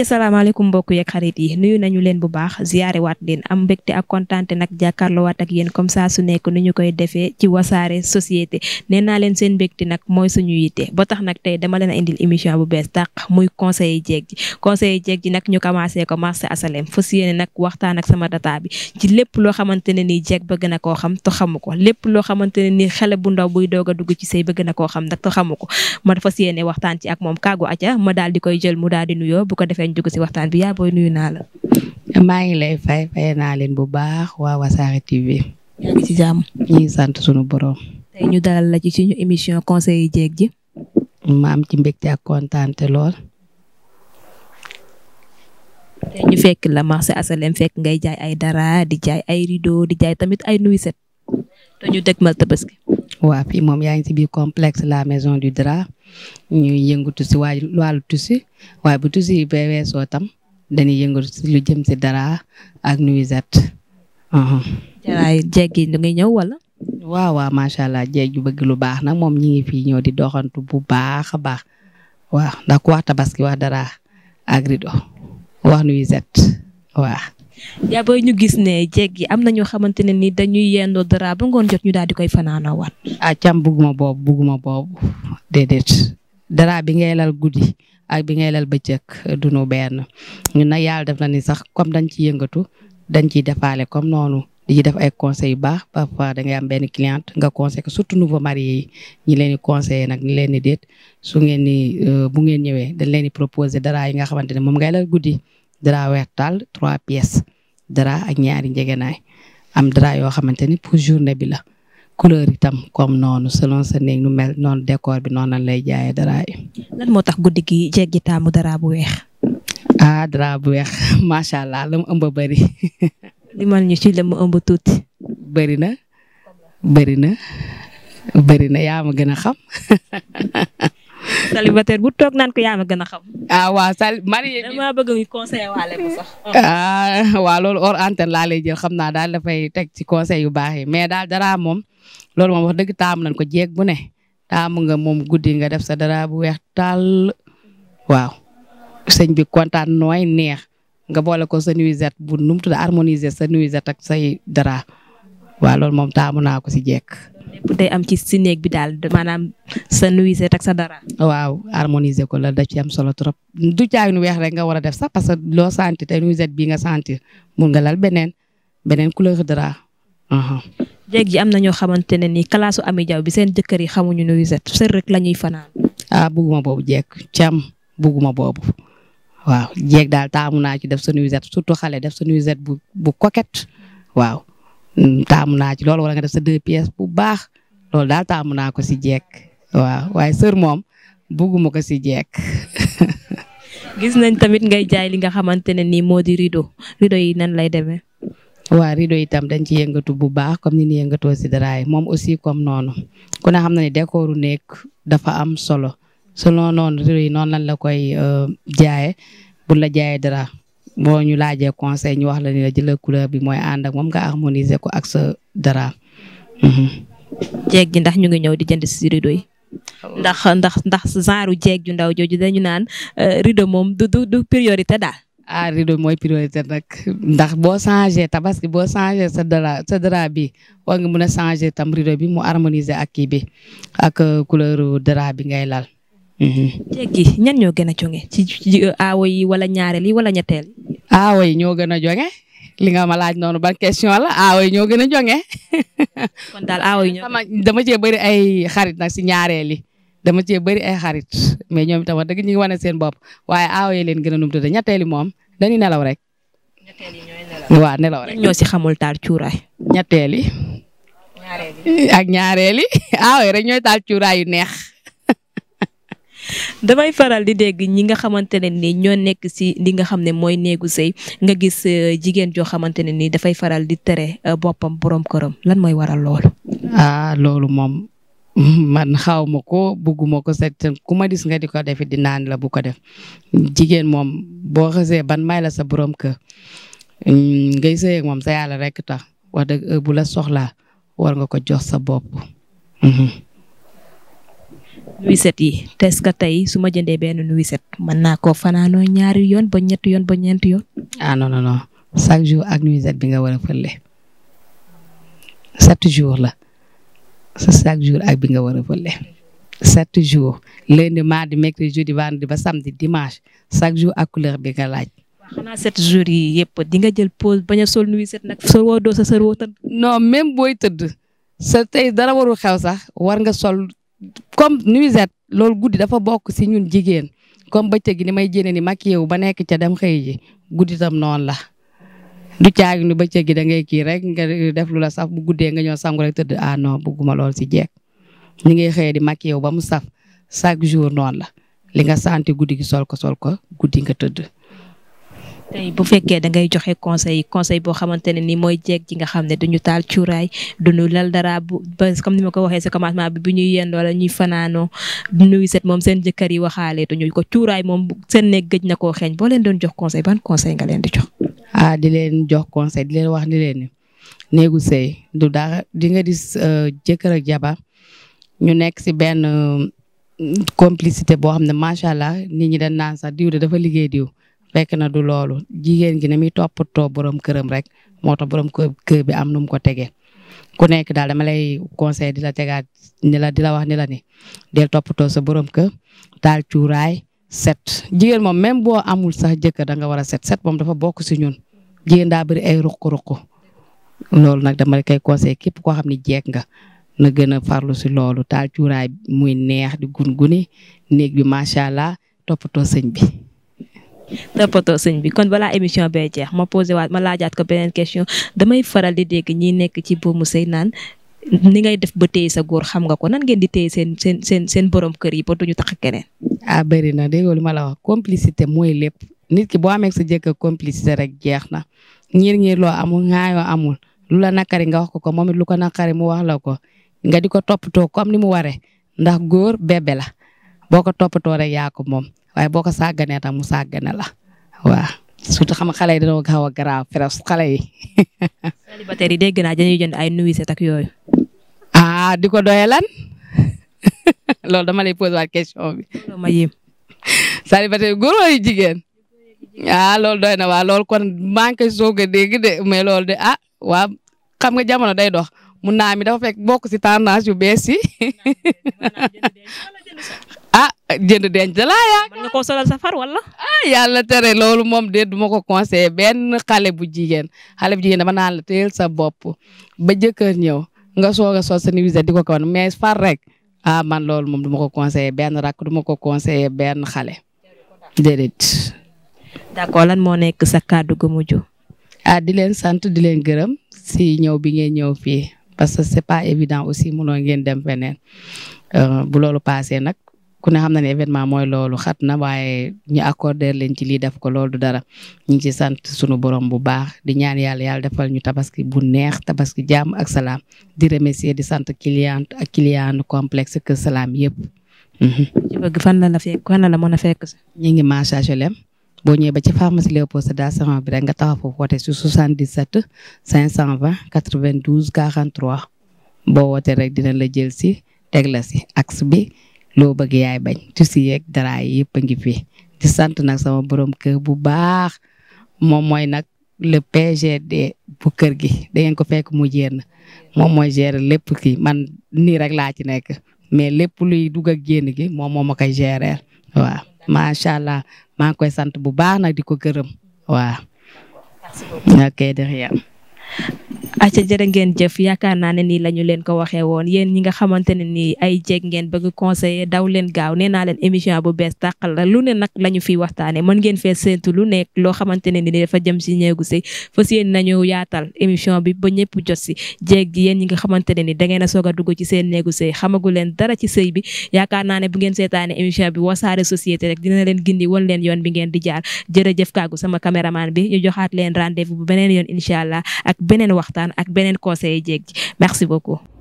acca salaamaaleykum mbokk yeeg xarit yi nuyu nañu leen bu baax ziyaare waat leen am mbégte ak kontaante nag jàkkaarloo waat ak yéen comme saa su nekk nu ñu koy defee ci wasaare société nee naa leen seen mbégte nag mooy suñu yite ba tax nag tey dama leen a indil émission bu bees tàq muy conseiller jeeg ji conseiller jeeg ji nag ñu commencé ko marché asalem fas yéene nag waxtaan ak sama data bi ci lépp loo xamante ne nii jeeg bëgg na koo xam to xamu ko lépp loo xamante ne nii xale bu ndaw buy doog a dugg ci sëy bëgg na koo xam nag xamu ko ma fas yéene waxtaan ci ak moom kàggu acca ma daal di koy jël mu daal nuyoo bu ko defee bañ dugg si waxtaan bi yaa nuyu naa la. maa ngi lay fay fay naa leen bu baax waa Wassare TV. yaa ngi ci jàmm. sant sunu borom. tey ñu dalal la ci suñu émission conseil yi jeeg ji. ma am ci mbégte ak kontaante lool. tey ñu fekk la marché asalem fekk ngay jaay ay dara di jaay ay rideau di jaay tamit ay nuisette. te ñu dëgmal tabaski. waa fii moom yaa ngi ci la maison du drap. ñuy yëngatu si waa wàllu tissu waaye bu tissu yi ba weesoo tam dañuy yëngatu si lu jëm si dara ak nuisette. jaraay jeeg yi ngay ñëw wala. waaw waaw macha allah jeeg ju bëgg lu baax nag moom ñi ngi fii ñëw di doxantu bu baax a baax waaw ndax ku wax tabaski wax dara ak rido wax nu waaw. yaa booy ñu gis ne jeeg yi am na ñoo xamante ne ni dañuy yendoo dara ba ngoon jot ñu daal di koy fanaanawaat. ah cam bugguma boobu bugguma boobu déedéet dara bi ngay lal guddi ak bi ngay lal bëccëg euh, dunu benn ñun na yàlla def na ni sax comme dañ ci yëngatu dañ ciy defaale comme noonu di def ay conseils yu baax parfois da ngay am benn cliente nga conseil ko surtout nouveau marié yi ñi leen di conseillé nag ñu leen di déet su ngeen ni euh, bu ngeen ñëwee dañ leen di proposé dara yi nga xamante ne moom ngay lal guddi dara weex taal trois pièces dara ak ñaari njegenaay am dara yoo xamante ni pour journée bi la couleur itam comme noonu selon sa néeg nu mel noonu décor bi noonu lay jaayee dara yi. lan moo tax guddi gi jeeg gi taamu dara bu weex. ah dara bu weex macha allah la mu ëmb bëri. li ñu ci la mu ëmb tuuti. bëri na bari na bari na yaa ma gën a xam. célibataire bu toog naan ko yaa ma gën a xam. ah waaw sal marié. waale ko sax. Ah, waaw loolu hors antenne laa lay jël xam naa daal dafay teg ci conseil yu baax yi mais daal daraa moom loolu moom wax dëgg taamu nañ ko jeeg bu ne taamu nga moom guddi nga def sa dara bu weex taal waaw sëñ bi kontaan nooy neex nga boole ko sa nuisette bu nu mu tudd harmoniser sa nuisette ak say dara waa loolu moom taamu naa ko si jeeg. lépp day am ci si bi daal maanaam sa nuisette ak sa dara. waaw harmoniser ko la da ci am solo trop du caagin weex rek nga war a def sax parce que loo sentir te nuisette bii nga sentir mun nga lal beneen beneen couleur dara. jéeg ji am na ñoo xamante ne ni kalaasu Ami Jaw bi seen jëkkër yi xamuñu nuisette sër rek la ñuy fanaan. ah bugguma boobu jéeg cam bugguma boobu waaw jéeg daal taamu naa ci def sa nuisette surtout xale def sa nuisette bu bu coquette waaw mm, taamu naa ci loolu wala nga def sa deux pièces bu baax loolu daal taamu ko si jéeg. waaw waaye sër moom bugguma ko si jeek gis nañ tamit ngay jaay li nga xamante ne nii moo di rido rido yi nan lay demee waaw rideau itam dañ ci yëngatu bu baax comme ni ni yëngatoo si daraay moom aussi comme noonu ku ne xam na ne décooru nekk dafa am solo solo noonu rideau yi noonu lan la koy euh, jaaye bu la jaayee dara boo ñu laajee conseil ñu wax la ni la couleur bi mooy ànd ak moom nga harmoniser ko ak sa dara jeeg mhm. ji ndax ñu ngi ñëw di jënd si rideau yi ndax ndax ndax genre jeeg ju ndaw jooju dañu naan euh, rido moom du du du priorité daal. ah rido mooy priorité nag ndax boo changé tabaski boo changé sa dara sa bi war nga mën a changé tam rido bi mu harmoniser ak kii bi ak euh, couleur dara bi ngay lal. Mhm. jeeg yi ñan ñoo gën a joŋe ci euh, aawo yi wala ñaareel yi wala ñetteel. aawo yi ñoo gën a joŋe. li nga ma laaj noonu ban question la aawo yi ñoo gën a jonge kon daal aawo yi ñoo dama cee bëri ay xarit nag si ñaareel yi dama cee bari ay xarit mais ñoom itam wax dëgg ñu ngi wane seen bopp waaye aawo yi leen gën a num tudde ñetteeli moom dañuy nelaw rek. ñetteel yi ñooy nelaw ñoo si xamul taal cuuraay. ñetteeli. yi ak ñaareel yi aawo ñooy taal cuuraay yu neex. damay faral di dégg ñi nga xamante ne ni ñoo nekk si li nga xam ne mooy néegu sëy nga gis euh, jigéen joo xamante ne ni dafay faral di tere euh, boppam borom këram lan mooy waral loolu. ah loolu moom man xaw ma ko bugguma ko set ku ma gis nga di ko def di naan la bu ko def jigéen moom boo xasee ban may la sa borom kër mm, ngay sëyeeg moom sa yàlla rekk tax wax dëgg euh, bu la nga ko jox sa bopp. Mhm. nuiset yi te est-ce que tey su ma jëndee benn nuiset mën naa koo fanaanoo ñaari yoon ba ñetti yoon ba ñeenti yoon. ah no non non chaque jour ak nuiset bi nga war a fële sept jours la sa chaque jour ak bi nga war a fële sept jours lundi mardi mercredi jeudi vendredi ba samedi dimanche chaque jour ak couleur bi nga laaj. xanaa sept jours yi yëpp di nga jël pause bañ a sol nuiset nag sa woo doo sa sa woo tëdd. non même booy tëdd sa tey nga sol. comme nu nuisette loolu guddi dafa bokk si ñun jigéen comme bëccëg gi ni may jéene ni maquillé wu ba nekk ca dem xëy guddi tam noonu la. du caagi ni bëccëg gi da ngay kii rek nga def lu la saf bu guddee nga ñëw sangu rek tëdd ah no bugguma lool si jeeg ni ngay xëyee di maquillé wu ba mu saf chaque jour noonu la li nga santi guddi gi sol ko sol ko guddi nga tëdd. tey bu fekkee da ngay joxe conseil conseil boo xamante ne ni mooy jeeg ji nga xam ne duñu taal cuuraay ñu lal dara bu ba comme ni ma ko waxee si commencement bi bu ñuy yendoo wala ñuy fanaanoo nu set moom seen jëkkër yi waxaale ñu ko cuuraay moom seen nekk gëj na koo xeeñ boo leen doon jox conseil ban conseil nga leen di jox. ah di leen jox conseil di leen wax ni leen ni néegu sëy du dara di nga gis euh, jëkkër ak ñu nekk si benn euh, complicité boo xam ne macha allah nit ñi dañ naan sax diw de dafa liggéey diw. fekk na du loolu jigéen gi ne muy toppatoo borom këram rek moo tax borom kër bi am nu mu ko tegee ku nekk daal dama lay conseil di la tegaat ni la di la wax ni la ni del toppatoo sa borom kër taal cuuraay set jigéen moom même boo amul sax jëkkër da nga war a set set moom dafa bokk si ñun jigéen daa bëri ay ruq-ruq loolu nag dama koy conseil képp koo xam ne jeeg nga na gën a farlu si loolu taal cuuraay muy neex di gun guni néeg bi macha allah toppatoo sëñ bi. toppatoo sëñ bi kon balaa émission bee jeex ma posé waat ma laajaat ko beneen question damay faral di dégg ñi nekk ci boobu sëy naan ni ngay def ba téye sa góor xam nga ko nan ngeen di téye seen seen seen seen borom kër yi ba duñu tax keneen. ah bëri na dégg lu ma la wax complicité mooy lépp nit ki boo amee sa jëkkër complicité rek jeex na ñiir ñiir loo amul ŋaayoo amul lu la nakari nga wax ko ko moom it lu ko nakari mu wax la ko nga di ko toppatoo comme ni mu waree ndax góor bébé la boo ko toppatoo rek yaa ko moom. waaye boo ko sàgganee tam mu sàggane la waaw surtout xam xale yi dañoo gaaw a garaaw presque xale yi. célibataire yi dégg naa dañuy jënd ay nuisette ak yooyu. ah di ko doyee lan loolu dama lay posé waat question bi. ma yéem. jigéen. ah loolu doy na waa loolu kon manqué soog a dégg de mais loolu ah waa xam nga jamono day dox mun naa mi dafa fekk bokk si tendance yu bees yi. ah jënd denc laa yaakaar. mën ah yàlla tere loolu moom de du ma ko conseillé benn xale bu jigéen xale bu jigéen dama naan la teel sa bopp ba jëkkër ñëw nga soog a sol di ko kawan mais far rek ah man loolu moom du ma ko conseillé benn rakk du ma ko conseillé benn xale déedéet. d'accord lan moo nekk sa kàddu gu mujj. ah di leen sant di leen gërëm si ñëw bi ngeen ñëw fii parce que c'est pas évident aussi mënoo ngeen dem feneen euh, nag. ku ne xam na événement mooy loolu xat na waaye ñu accordé leen ci lii def ko loolu du dara ñu ngi ci sant sunu borom bu baax di ñaan yàlla yàlla defal ñu tabaski bu neex tabaski jàmm ak salaam di remercier di sant client ak client complexe que salaam yëpp. ci mhm. bëgg fan la la fekk fan la la mën a fekk. ñu ngi massage lem H&M. boo ñëwee ba ci pharmacie Léopold Sédar Senghor bi rek nga taxaw foofu woote si 77 520 92 43 boo wootee rek dina la jël si teg si axe bi. loo bëgg yaay bañ tusi yeeg dara yi yëpp a ngi fi di sant nag sama borom kër bu baax moom mooy nag le PGD bu kër gi da ko fekk mu jéem moom mooy gérer lépp kii man nii rek laa ci nekk mais lépp luy dugg ak génn gi moom moo ma koy gérer waaw macha allah maa ngi koy sant bu baax nag di ko gërëm waaw. ok de acca jërë ngeen jëf yaakaar naa ne nii la ñu leen ko waxee woon yéen ñi nga xamante ne nii ay jeeg ngeen bëgg conseiller daw leen gaaw nee leen émission bu bees tàqal la lu ne nag la ñu waxtaane mën ngeen fee lu nekk loo xamante ne ni dafa jëm si ñeegu si fas yéen nañu yaatal émission bi ba ñëpp jot si jeeg gi yéen ñi nga xamante ne ni da ngeen a soog a dugg ci seen néegu sëy xamagu leen dara ci sëy bi yaakaar naa ne bu ngeen seetaane émission bi wasaare société rek dina leen gindi wan leen di jaar jërëjëf kàggu sama caméraman bi ñu joxaat ak beneen conseiller jeeg ji merci beaucoup.